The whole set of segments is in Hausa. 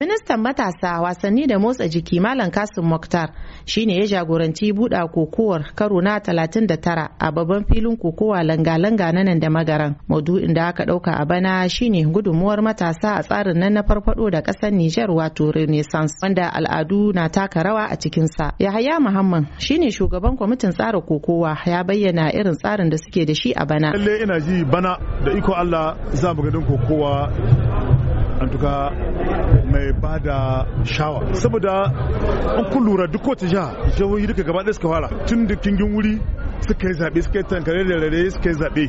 Ministan matasa wasanni da motsa jiki Malam Kasim Mokhtar shine ya jagoranci buɗa kokowar karo na 39 a babban filin kokowa langa-langa na nan da magaran. Maudu'in da aka ɗauka a bana shine gudunmuwar matasa a tsarin nan na farfado da ƙasar Nijar wato Renaissance wanda al'adu na taka rawa a cikinsa. Yahaya Muhammad shine shugaban kwamitin tsara kokowa ya bayyana irin tsarin da suke da shi a bana. Lallai ina ji bana da iko Allah za mu gadin kokowa an mai ba da shawa saboda an kun lura duk wata jiha jihohi duka gaba suka fara tun da kingin wuri suka yi zaɓe suka yi tankare da rare suka yi zaɓe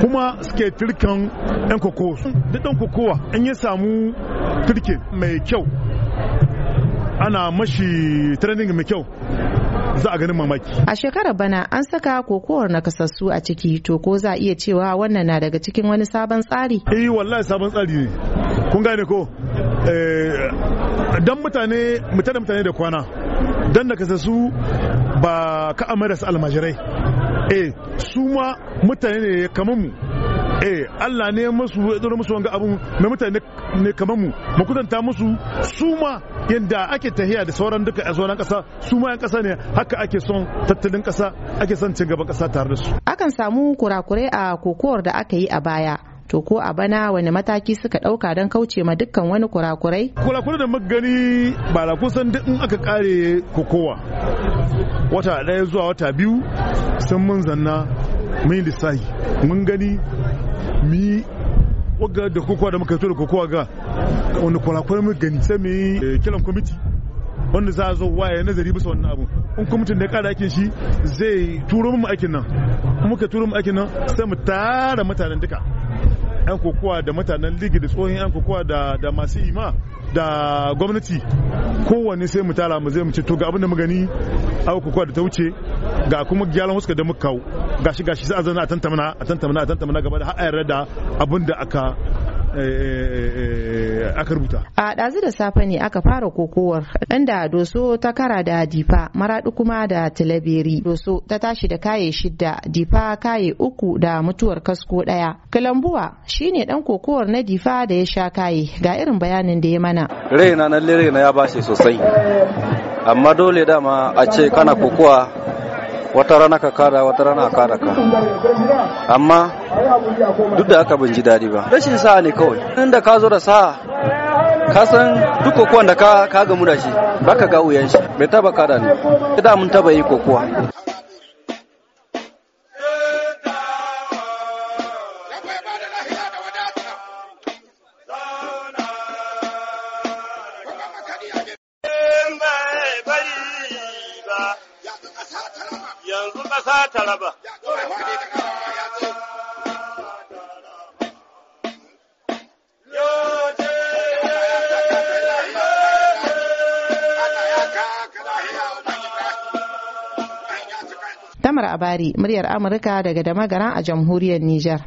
kuma suka yi turkan ɗan kokowa duk ɗan kokowa an ya samu turke mai kyau ana mashi training mai kyau za a ganin mamaki. A shekarar bana an saka kokowar nakasassu a ciki to ko za a iya cewa wannan na daga cikin wani sabon tsari? Eh wallahi sabon tsari ne kun gane ko eh, dan mutane mutane da mutane da kwana dan da kasa su ba ka amara su almajirai eh su ma mutane ne kamar mu eh Allah ne musu ya tsoro musu wanga abun na mutane ne kamar mu mu kudanta musu su ma yanda ake tahiya da sauran duka a sauran kasa su ma yan kasa ne haka ake son tattalin kasa ake son cin gaban kasa tare da su akan samu kurakurai a kokowar da aka yi a baya to ko a bana wani mataki suka dauka don kauce ma dukkan wani kurakurai kurakurai da magani ba da kusan duk in aka kare kokowa wata daya zuwa wata biyu sun mun zanna mai lissahi mun gani mi wagga da kokowa da muka fito da kokowa ga wani kurakurai mun gani sai mai eh, kiran kwamiti wanda za a zo waye nazari bisa wannan abu in kwamitin da ya kara aikin shi zai turo mu aikin nan muka turo mu aikin nan sai mu tara mutanen duka 'yan kokowa da mutanen ligi da tsohon 'yan kokowa da masu ima da gwamnati kowanne sai mu tara mu zai mu ce to ga abin da mu gani abu kokowa da ta wuce ga kuma gyaran huska da muka kawo gashi gashi sai a zana a tantamana a tantamana a tantamana gaba da har a yarda da abin da aka Eh, eh, eh, aka rubuta a ɗazu da safe ne aka fara kokowar inda doso ta kara da difa maraɗi kuma da tilaberi doso ta tashi da kaye shidda difa kaye uku da mutuwar kasko ɗaya kalambuwa shine ɗan kokowar na difa da ya sha kaye ga irin bayanin da ya mana raina na raina ya bashi sosai amma dole dama a ce kana kokowa wata rana ka kada wata rana a kada ka amma duk da haka ban ji daɗi ba rashin sa'a ne kawai inda ka zo da sa'a ka san duk kokuwan da ka gamu da shi baka ga wuyan shi bai taba kada ne ita mun taba yi kokuwa yanzu ƙasa ta raba. Tamar Abari, muryar Amurka daga Damagaran a jamhuriyar Nijar.